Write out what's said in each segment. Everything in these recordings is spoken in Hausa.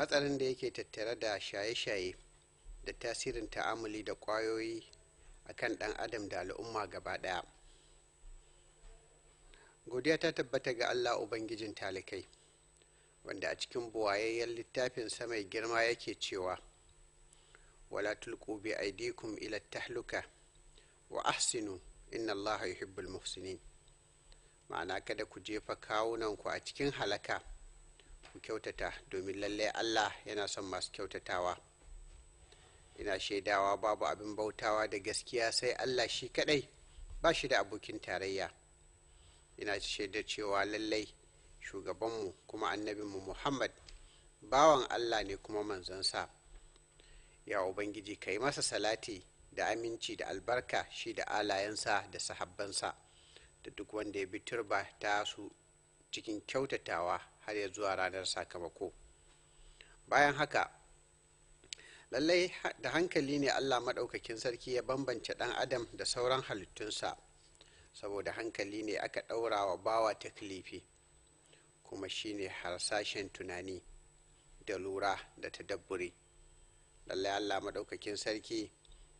hatsarin da yake tattare da shaye-shaye da tasirin ta'amali da kwayoyi a kan ɗan adam da al'umma gaba ɗaya godiya ta tabbata ga allah ubangijin talikai wanda a cikin buwayayyen littafinsa mai girma yake cewa wala tulku bi aidikum ila tahluka wa ahsinu inna allaha yuhibbul muhsinin ma'ana kada ku jefa kawunanku a cikin halaka ku kyautata domin lallai allah yana son masu kyautatawa ina shaidawa babu abin bautawa da gaskiya sai allah shi kadai ba shi da abokin tarayya ina shaidar cewa lallai shugabanmu kuma annabinmu muhammad bawan allah ne kuma manzansa ya ubangiji ka yi masa salati da aminci da albarka shi da alayensa da sahabbansa da duk wanda ya bi turba ta su cikin kyautatawa har ya zuwa ranar sakamako bayan haka lallai da hankali ne allah maɗaukakin sarki ya bambance ɗan adam da sauran halittunsa saboda hankali ne aka ɗaura wa bawa ta kilifi kuma shine harsashen tunani da lura da ta dabburi lallai allah maɗaukakin sarki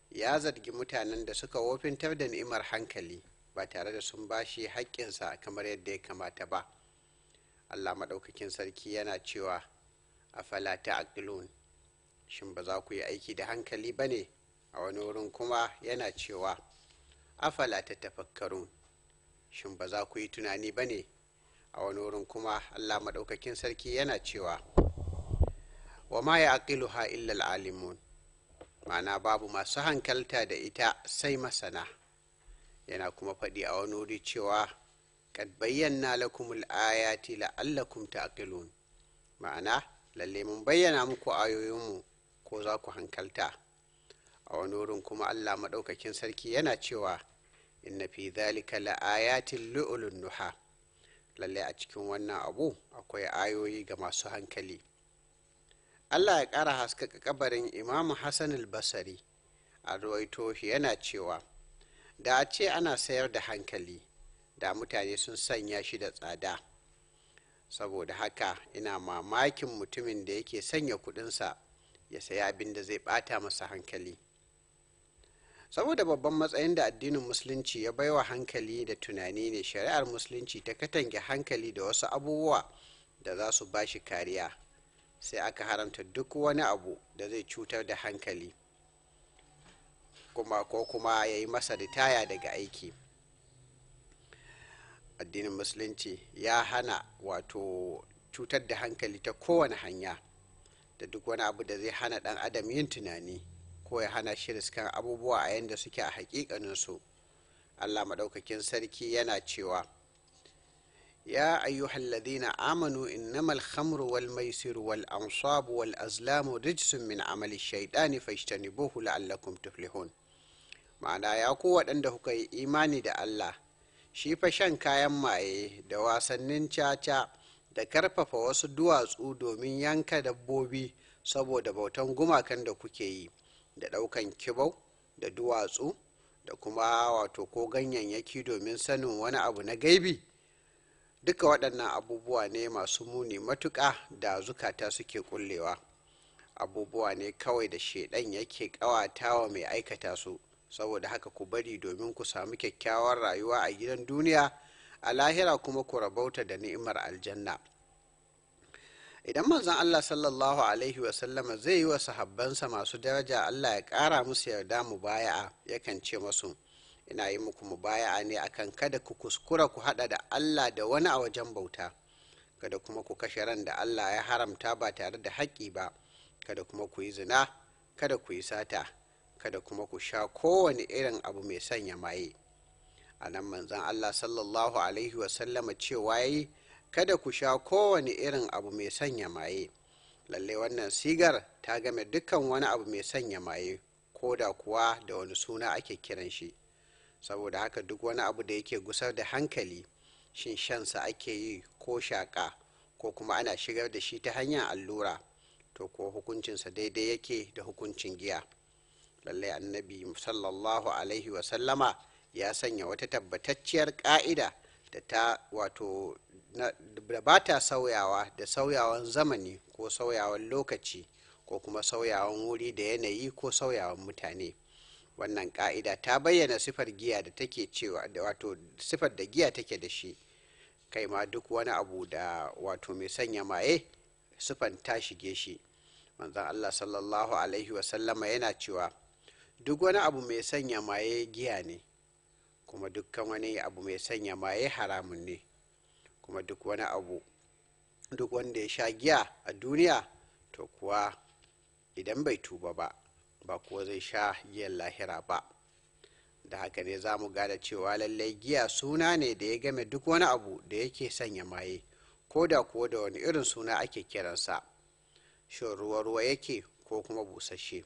ya zargi mutanen da suka wofintar da ni'imar hankali ba tare da sun bashi haƙƙinsa kamar yadda ya kamata ba Allah maɗaukakin sarki yana cewa afala ta'qilun shin ba za ku yi aiki da hankali ba ne a wani wurin kuma yana cewa afala ta tafakkarun shin ba za ku yi tunani ba ne a wani wurin kuma Allah maɗaukakin sarki yana cewa wa ma ya ha illal alimun ma'ana babu masu hankalta da ita sai masana yana kuma faɗi a wani wuri cewa kad bayyana lakumul ayati la'allakum ta'qilun ma'ana lalle mun bayyana muku ayoyinmu ko za ku hankalta a wani wurin kuma Allah maɗaukakin sarki yana cewa inna fi zalika la'ayati lu'ulun nuha lalle a cikin wannan abu akwai ayoyi ga masu hankali Allah ya ƙara haskaka kabarin Imam Hassan al-Basri a ruwaito yana cewa da a ce ana sayar da hankali da mutane sun sanya shi da tsada saboda haka ina mamakin mutumin da yake sanya kudinsa ya saya abin da zai bata masa hankali saboda babban matsayin da addinin musulunci ya baiwa hankali da tunani ne shari'ar musulunci ta katange hankali da wasu abubuwa da za su bashi kariya sai aka haramta duk wani abu da zai cutar da hankali kuma ko kuma ya yi masa ritaya daga aiki addinin musulunci ya hana wato cutar da hankali ta kowane hanya da duk wani abu da zai hana dan adam yin tunani ko ya hana shi riskan abubuwa a yadda suke a hakikaninsu allah maɗaukakin sarki yana cewa ya ladina amanu innamal khamru wal maisir wal ansab wal azlamu rijsun min amali shaytani fashtanibuhu la'allakum tuflihun ma'ana ya ku waɗanda kuka yi imani da allah shi fa shan kayan maye da wasannin caca da karfafa wasu duwatsu domin yanka dabbobi saboda bautan gumakan da kuke yi da daukan kibau da duwatsu da kuma wato ko ganyayyaki domin sanin wani abu na gaibi duka waɗannan abubuwa ne masu muni matuƙa da zukata suke kullewa abubuwa ne kawai da shaidan yake ƙawata wa mai aikata su saboda haka ku bari domin ku samu kyakkyawar rayuwa a gidan duniya a lahira kuma ku rabauta da ni'imar aljanna idan manzon Allah sallallahu alaihi wasallama zai yi wa sahabbansa masu daraja Allah ya kara musu yarda mu baya'a yakan ce masu ina yi muku mu baya'a ne akan kada ku kuskura ku hada da Allah da wani a wajen bauta kada kuma ku kashe ran da Allah ya haramta ba tare da haƙƙi ba kada kuma ku yi zina kada ku yi sata kada kuma ku sha kowane irin abu mai sanya maye a nan manzan allah sallallahu alaihi wasallama cewa yi kada ku sha kowane irin abu mai sanya maye lallai wannan sigar ta game dukkan wani abu mai sanya maye ko da kuwa da wani suna ake kiran shi saboda haka duk wani abu da yake gusar da hankali shin shansa ake yi ko shaka ko kuma ana shigar da shi ta hanyar allura to ko hukuncinsa daidai yake da hukuncin giya lallai annabi sallallahu alaihi wasallama ya sanya wata tabbatacciyar ka'ida da ta wato da ba ta sauyawa da sauyawan zamani ko sauyawan lokaci ko kuma sauyawan wuri da yanayi ko sauyawan mutane wannan ka'ida ta bayyana sifar giya da take cewa da wato sifar da giya take da shi kai ma duk wani abu da wato mai sanya maye sifan ta shige shi manzon Allah sallallahu alaihi wasallama yana cewa duk wani abu mai sanya maye giya ne kuma dukkan wani abu mai sanya maye haramun ne kuma duk wani abu duk wanda ya sha giya a duniya to kuwa idan bai tuba ba ba kuwa zai sha giyan lahira ba da haka ne za mu gada cewa lallai giya suna ne da ya game duk wani abu da yake sanya maye ko da kuwa da wani irin suna ake kiransa shin ruwa-ruwa yake ko kuma busasshe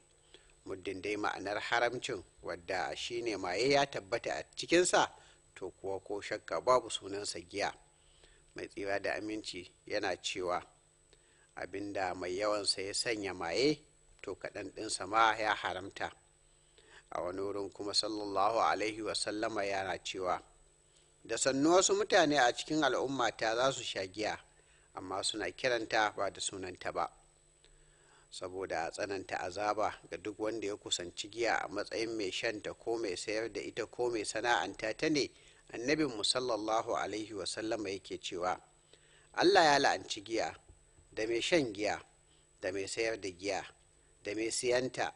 muddin dai ma'anar haramcin wadda ne maye ya tabbata a cikinsa to kuwa ko shakka babu sunansa giya mai tsira da aminci yana cewa abinda mai yawansa ya sanya maye to kaɗan ɗinsa ma ya haramta a wani wurin kuma sallallahu alaihi wasallama yana cewa da sannu wasu mutane a cikin al'umma ta za su sha giya amma suna kiranta ba da sunanta ba saboda a tsananta azaba ga duk wanda ya kusanci giya a matsayin mai shanta ko mai sayar da ita ko mai sana'anta ta ne annabin mu sallallahu alaihi wasallama yake cewa allah ya la'anci giya da mai shan giya da mai sayar da giya da mai siyanta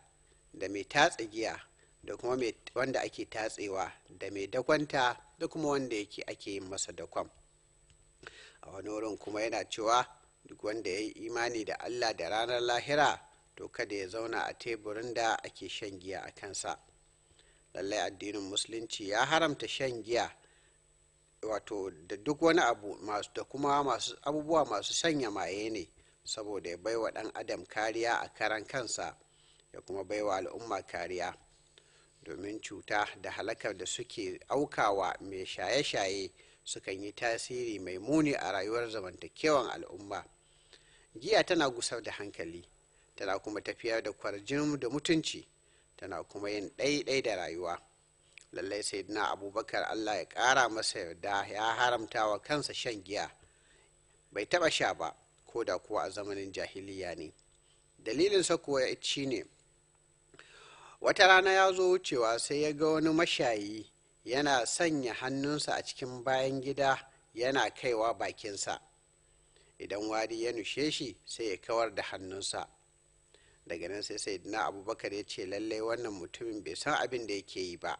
da mai tatsa giya da kuma wanda ake tatsewa da mai dakwanta da kuma wanda yake ake yin masa dakon a wani wurin kuma yana cewa duk wanda ya yi imani da allah da ranar lahira to kada ya zauna a teburin da ake shan giya a kansa lallai addinin musulunci ya haramta shan giya wato da duk wani abu masu da kuma masu abubuwa masu sanya maye ne saboda ya baiwa ɗan adam kariya a karan kansa ya kuma baiwa al'umma kariya domin cuta da halakar da suke aukawa mai shaye-shaye sukan yi tasiri mai muni a rayuwar zamantakewan al'umma giya tana gusar da hankali tana kuma tafiyar da kwarjin da mutunci tana kuma yin ɗaiɗai da rayuwa lallai sai na abubakar allah ya ƙara masa yarda ya haramta wa kansa shan giya bai taɓa sha ba ko da kuwa a zamanin jahiliya ne dalilinsa kuwa ya ci ne wata rana ya zo wucewa sai ya ga wani mashayi yana sanya hannunsa a cikin bayan gida yana kaiwa bakinsa idan wari ya nushe shi sai ya kawar da hannunsa daga nan sai saidina abubakar ya ce lallai wannan mutumin bai san abin da yake yi ba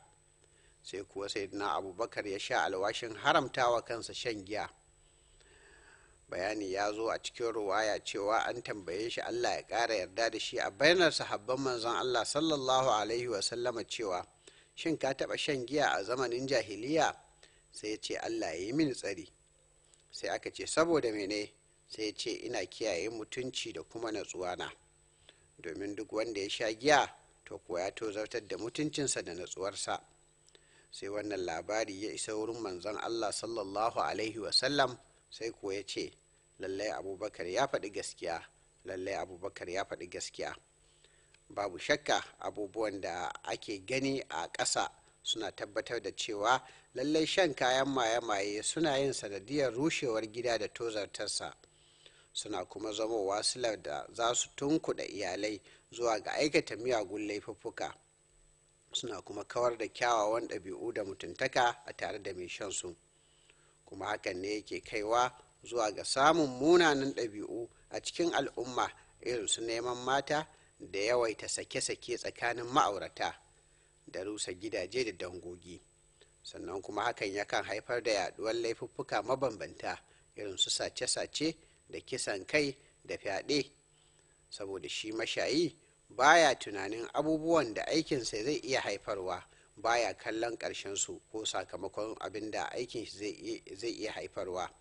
sai kuwa saidina abubakar ya sha alwashin haramtawa kansa shan giya bayani ya zo a cikin ruwaya cewa an tambaye shi allah ya ƙara yarda da shi a bayanarsa sahabban manzon allah sallallahu alaihi wasallama cewa shin ka taɓa shan giya a zamanin jahiliya sai ya ce allah ya yi mini tsari sai aka ce saboda mene sai ya ce ina kiyaye mutunci da kuma natsuwa na domin duk wanda ya sha giya to kuwa ya tozartar da mutuncinsa da natsuwarsa sai wannan labari ya isa wurin manzon allah sallallahu alaihi wasallam sai kuwa ya ce lallai abubakar ya faɗi gaskiya lallai abubakar ya faɗi gaskiya babu shakka abubuwan da ake gani a ƙasa suna tabbatar da cewa lallai shan kayan maye-maye suna yin sanadiyar rushewar gida da tozartarsa suna kuma zamowa wasilar da za su tunkuɗa iyalai zuwa ga aikata miyagun laifuffuka suna kuma kawar da kyawawan ɗabi'u da mutuntaka a tare da mai shan su kuma hakan ne yake kaiwa zuwa ga samun munanan ɗabi'u a cikin al'umma irin su neman mata da yawaita sake-sake tsakanin ma'aurata da rusa gidaje da dangogi sannan kuma hakan yakan haifar da yaduwar laifuffuka mabambanta irin su sace-sace da kisan kai da fyaɗe saboda shi mashayi baya tunanin abubuwan da aikinsa zai iya haifarwa baya kallon su ko sakamakon abin da aikin shi zai iya haifarwa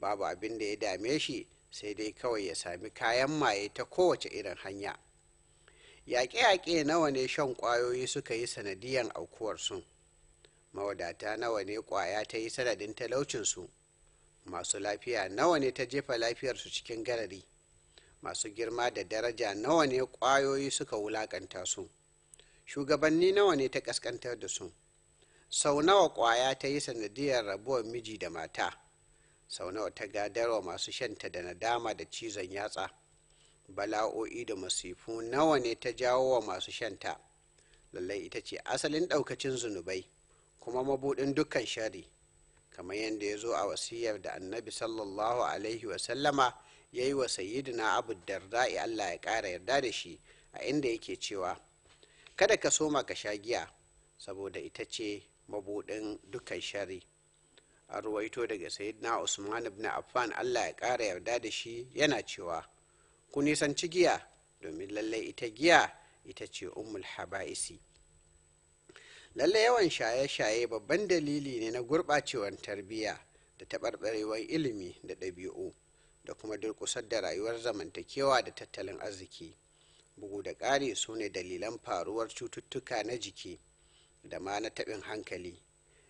babu abin da ya dame shi sai dai kawai ya sami kayan maye ta kowace irin hanya yaƙe-yaƙe nawa ne shan ƙwayoyi suka yi sanadiyan aukuwarsu mawadata nawa ne ƙwaya ta yi sanadin talaucinsu masu lafiya nawa ne ta jefa lafiyarsu cikin garari masu girma da daraja nawa ne ƙwayoyi suka wulaƙanta su shugabanni nawa ne ta ƙasƙantar da su sau nawa ƙwaya ta yi sanadiyar rabuwar miji da mata sau nawa ta gadarwa masu shanta da nadama da cizon yatsa bala'o'i da masifu nawa ne ta jawo wa masu shanta lallai ita ce asalin ɗaukacin zunubai kuma mabudin dukkan shari kamar yadda ya zo a wasiyar da annabi sallallahu alaihi wasallama ya yi wa sayidina abu darda'i allah ya ƙara yarda da shi a inda yake cewa kada ka soma ka sha giya saboda ita ce mabudin dukkan shari a ruwaito daga sayyidina usman ibn affan allah ya ƙara yarda da shi yana cewa ku nisanci giya domin lallai ita giya ita ce umul haba'isi lallai yawan shaye-shaye babban dalili ne na gurɓacewar tarbiyya da taɓarɓarewar ilimi da ɗabi'u da kuma durƙusar da rayuwar zamantakewa da tattalin arziki bugu da ƙari su ne dalilan faruwar cututtuka na jiki da ma na taɓin hankali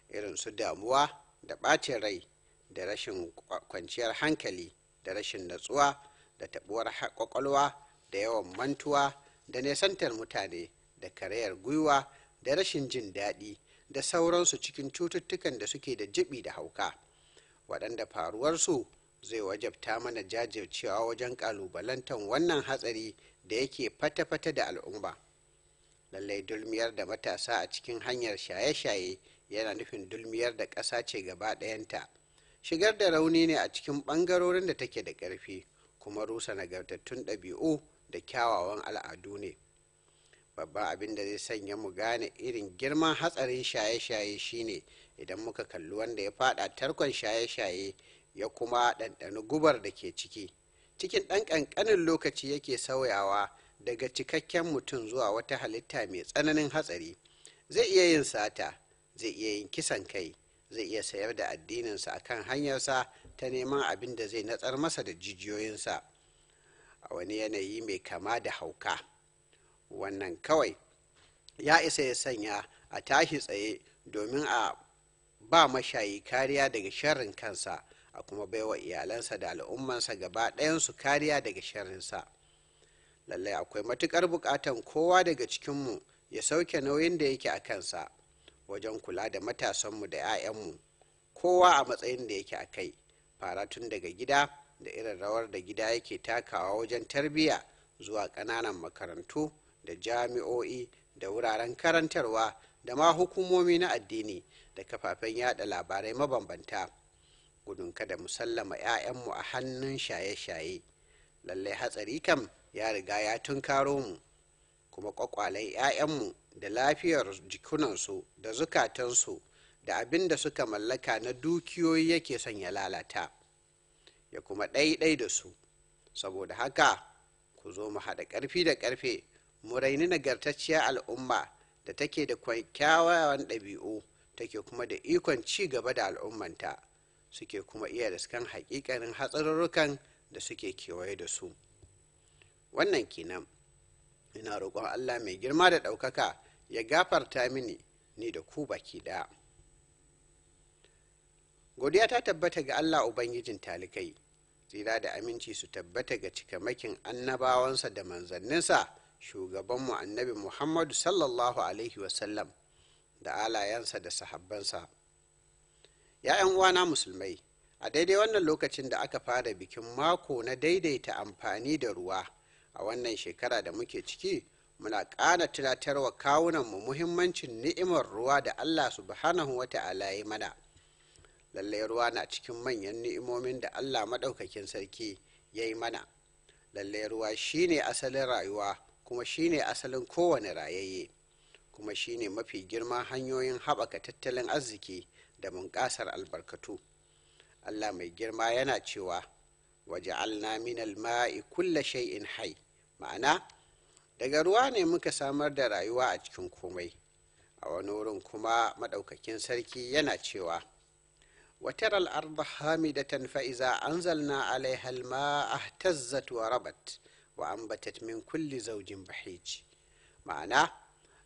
irin su damuwa da ɓacin rai da rashin kwanciyar hankali da rashin natsuwa da tabuwar kwakwalwa da yawan mantuwa da nesantar mutane da karayar gwiwa da rashin jin daɗi da sauransu cikin cututtukan da suke da jibi da hauka waɗanda faruwarsu zai wajabta mana jajircewa wajen ƙalubalantar wannan hatsari da yake fata-fata da al'umma lallai dulmiyar da matasa a cikin hanyar shaye-shaye yana nufin dulmiyar da ƙasa ce gaba ɗayanta shigar da rauni ne a cikin ɓangarorin da take da ƙarfi kuma rusa nagartattun ɗabi'u da kyawawan al'adu ne babban abin da zai sanya mu gane irin girman hatsarin shaye-shaye shine idan muka kalli wanda ya fada tarkon shaye-shaye ya kuma ɗanɗani gubar da ke ciki cikin ɗan ƙanƙanin lokaci yake sauyawa daga cikakken mutum zuwa wata halitta mai tsananin hatsari zai iya yin sata zai iya yin kisan kai zai iya sayar da addininsa akan hanyarsa ta neman abin da zai natsar masa da jijiyoyinsa a wani yanayi mai kama da hauka wannan kawai ya isa ya sanya a tashi tsaye domin a ba mashayi kariya daga sharrin kansa a kuma baiwa iyalansa da al'ummansa gaba ɗayansu kariya daga sharrinsa lallai akwai matuƙar buƙatan kowa daga cikinmu ya sauke nauyin da yake a kansa wajen kula da matasanmu da 'ya'yanmu kowa a matsayin da yake a kai fara tun daga gida da irin rawar da gida yake takawa wajen tarbiyya zuwa ƙananan makarantu da jami'o'i da wuraren karantarwa da ma hukumomi na addini da kafafen yada labarai mabambanta gudun kada mu sallama 'ya'yanmu a hannun shaye-shaye lallai hatsari kam ya riga ya tunkaro mu kuma kwakwalen 'ya'yanmu da lafiyar jikunansu da zukatansu da abin da suka mallaka na dukiyoyi yake son ya lalata ya kuma ɗaiɗai da su saboda haka ku zo mu haɗa ƙarfi da ƙarfe mu raini nagartacciyar al'umma da take da kyawawan ɗabi'u take kuma da ikon ci gaba da al'ummanta suke kuma iya daskan haƙiƙanin hatsarurrukan da suke kewaye da su wannan kenan ina roƙon allah mai girma da ɗaukaka ya gafarta mini ni da ku baki ɗaya godiya ta tabbata ga allah ubangijin talikai tsira da aminci su tabbata ga cikamakin annabawansa da manzanninsa shugabanmu annabi muhammadu sallallahu alaihi wasallam da alayensa da sahabbansa ya'yan uwana musulmai a daidai wannan lokacin da aka fara bikin mako na daidaita amfani da ruwa a wannan shekara da muke ciki muna ƙara tunatarwa kawunanmu muhimmancin ni'imar ruwa da allah subhanahu wa ta'ala mana lallai ruwa na cikin manyan ni'imomin da allah maɗaukakin sarki ya yi mana lallai ruwa shine asalin rayuwa kuma shine asalin kowane rayayye kuma shine mafi girma hanyoyin haɓaka tattalin arziki da bunƙasar albarkatu allah mai girma yana cewa waje minal ma'i kulla shay'in hai ma'ana daga ruwa ne muka samar da rayuwa a cikin komai a wani wurin kuma maɗaukakin sarki yana cewa وترى الأرض هامدة فإذا أنزلنا عليها الماء اهتزت وربت وأنبتت من كل زوج بحيج ma'ana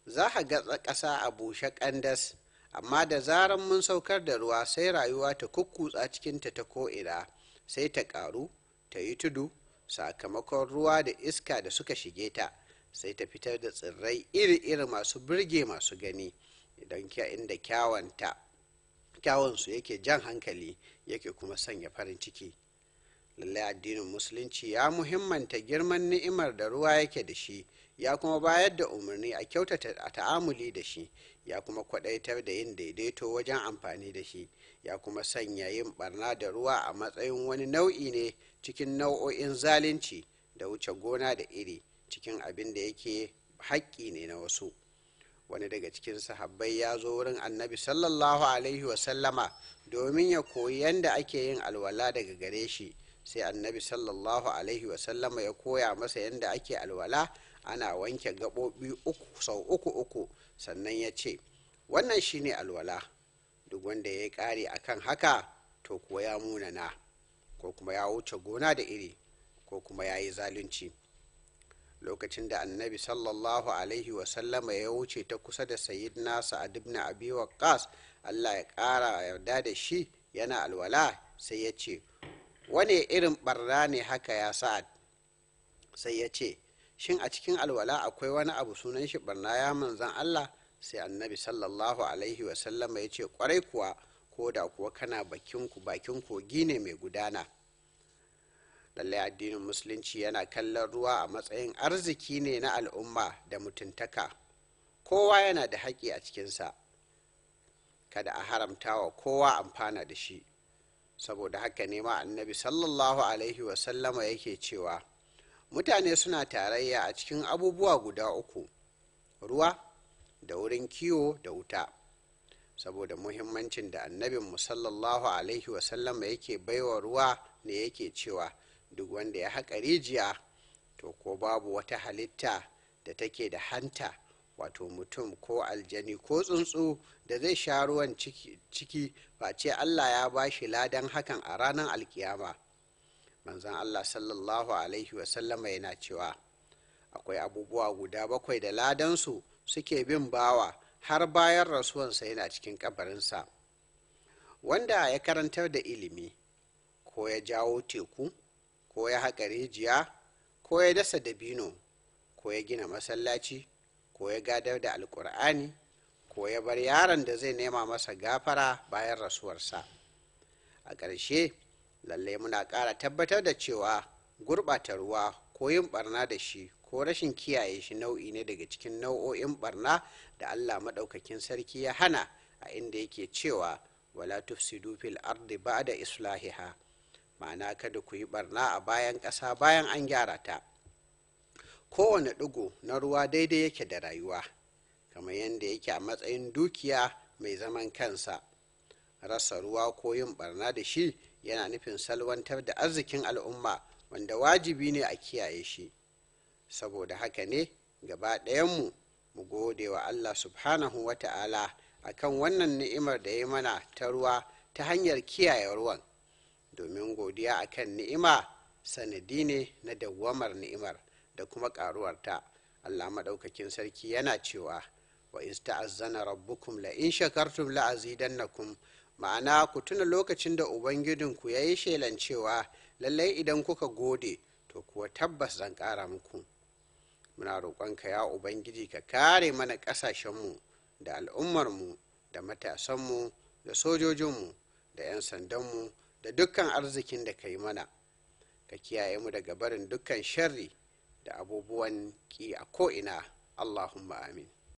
za a ga ƙasa a bushe ƙandas amma da zaran mun saukar da ruwa sai rayuwa ta kukkutsa cikinta ta ko'ina sai ta ƙaru ta yi tudu sakamakon ruwa da iska da suka shige ta sai ta fitar da tsirrai iri-iri masu birge masu gani idan inda kyawanta kyakkyawansu yake jan hankali yake kuma sanya farin ciki lallai addinin musulunci ya muhimmanta girman ni'imar da ruwa yake da shi ya kuma bayar da umarni a kyautata a ta'amuli da shi ya kuma kwadaitar da yin daidaito wajen amfani da shi ya kuma sanya yin barna da ruwa a matsayin wani nau'i ne cikin nau'o'in zalunci da wuce gona da iri cikin abin da yake haƙƙi ne na wasu wani daga cikin sahabbai ya zo wurin annabi sallallahu alaihi wasallama domin ya koyi yadda ake yin alwala daga gare shi sai annabi sallallahu alaihi wasallama ya koya masa yadda ake alwala ana wanke gaɓoɓi uku sau uku uku sannan ya ce wannan shine alwala duk wanda ya yi a kan haka to kuwa ya munana ko kuma ya wuce gona da iri ko kuma ya yi zalunci lokacin da annabi sallallahu alaihi wasallama ya wuce ta kusa da sayid nasa a dubna abi waqqas Allah ya ƙara yarda da shi yana alwala sai ya ce wane irin barra ne haka ya sa'ad sai ya ce shin a cikin alwala akwai wani abu sunan shi barna ya manzan Allah sai annabi sallallahu alaihi wasallama ya ce kwarai kuwa ko da kuwa kana bakin kogi ne mai gudana lallai addinin musulunci yana kallon ruwa a matsayin arziki ne na al'umma da mutuntaka kowa yana da haƙƙi a cikinsa kada a haramta wa kowa amfana da shi saboda haka ne ma annabi sallallahu alaihi wasallama yake cewa mutane suna tarayya a cikin abubuwa guda uku ruwa da wurin kiwo da wuta saboda muhimmancin da annabin sallallahu alaihi wasallama yake baiwa ruwa ne yake cewa duk wanda ya haƙa rijiya to ko babu wata halitta da take da hanta wato mutum ko aljani ko tsuntsu da zai sha ruwan ciki ba ce allah ya ba shi ladan hakan a ranar alkiyama manzon allah sallallahu alaihi wasallama yana cewa akwai abubuwa guda bakwai da ladansu suke bin bawa har bayan rasuwansa yana cikin kabarinsa wanda ya karantar da ilimi ko ya jawo teku ko ya haƙa rijiya ko ya dasa dabino ko ya gina masallaci ko ya gadar da alƙur'ani ko ya bar yaron da zai nema masa gafara bayan rasuwarsa a ƙarshe lallai muna ƙara tabbatar da cewa gurɓata ruwa ko yin ɓarna da shi ko rashin kiyaye shi nau'i ne daga cikin nau'o'in barna da allah maɗaukakin sarki ya hana a inda yake cewa wala tufsidu fil ardi da islahiha ma'ana kada ku yi barna a bayan ƙasa bayan an gyara ta kowane ɗigo na ruwa daidai yake da rayuwa kamar yadda yake a matsayin dukiya mai zaman kansa rasa ruwa ko yin barna da shi yana nufin salwantar da arzikin al'umma wanda wajibi ne a kiyaye shi saboda haka ne gaba ɗayanmu mu gode wa allah subhanahu wa ta'ala akan wannan ni'imar da ya mana ta ruwa ta hanyar kiyaye ruwan domin godiya a kan ni'ima sanadi ne na dawwamar ni'imar da kuma karuwarta allah maɗaukakin sarki yana cewa wa ista'azzana rabbukum la in shakartum la azidannakum ma'ana ku tuna lokacin da ubangijinku ya yi shelan cewa lallai idan kuka gode to kuwa tabbas zan ƙara muku muna roƙonka ya ubangiji ka kare mana ƙasashenmu da al'ummarmu da matasanmu da sojojinmu da 'yan sandanmu da dukkan arzikin da ka yi mana ka kiyaye mu daga barin dukkan sharri da abubuwan ki a ko'ina allahumma amin